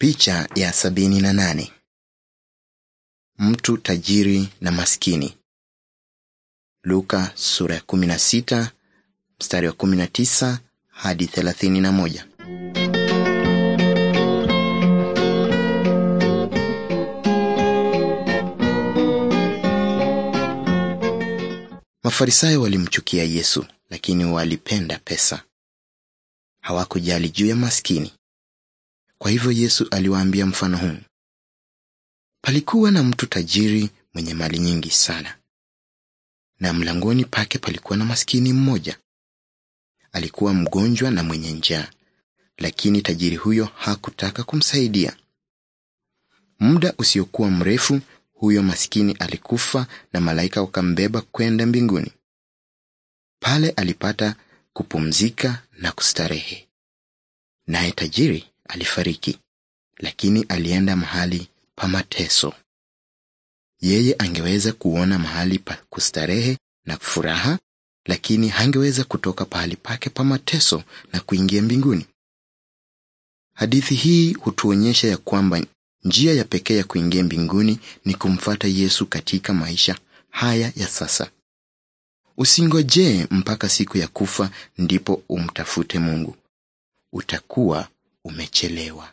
Picha ya sabini na nane. Mtu tajiri na maskini. Luka sura ya sita mstari wa tisa hadi thelathini na moja. Mafarisayo walimchukia Yesu, lakini walipenda pesa. Hawakujali juu ya maskini. Kwa hivyo Yesu aliwaambia mfano huu: palikuwa na mtu tajiri mwenye mali nyingi sana, na mlangoni pake palikuwa na maskini mmoja. Alikuwa mgonjwa na mwenye njaa, lakini tajiri huyo hakutaka kumsaidia. Muda usiokuwa mrefu, huyo maskini alikufa na malaika wakambeba kwenda mbinguni. Pale alipata kupumzika na kustarehe. Naye tajiri alifariki, lakini alienda mahali pa mateso. Yeye angeweza kuona mahali pa kustarehe na furaha, lakini hangeweza kutoka pahali pake pa mateso na kuingia mbinguni. Hadithi hii hutuonyesha ya kwamba njia ya pekee ya kuingia mbinguni ni kumfata Yesu katika maisha haya ya sasa. Usingojee mpaka siku ya kufa ndipo umtafute Mungu. Utakuwa umechelewa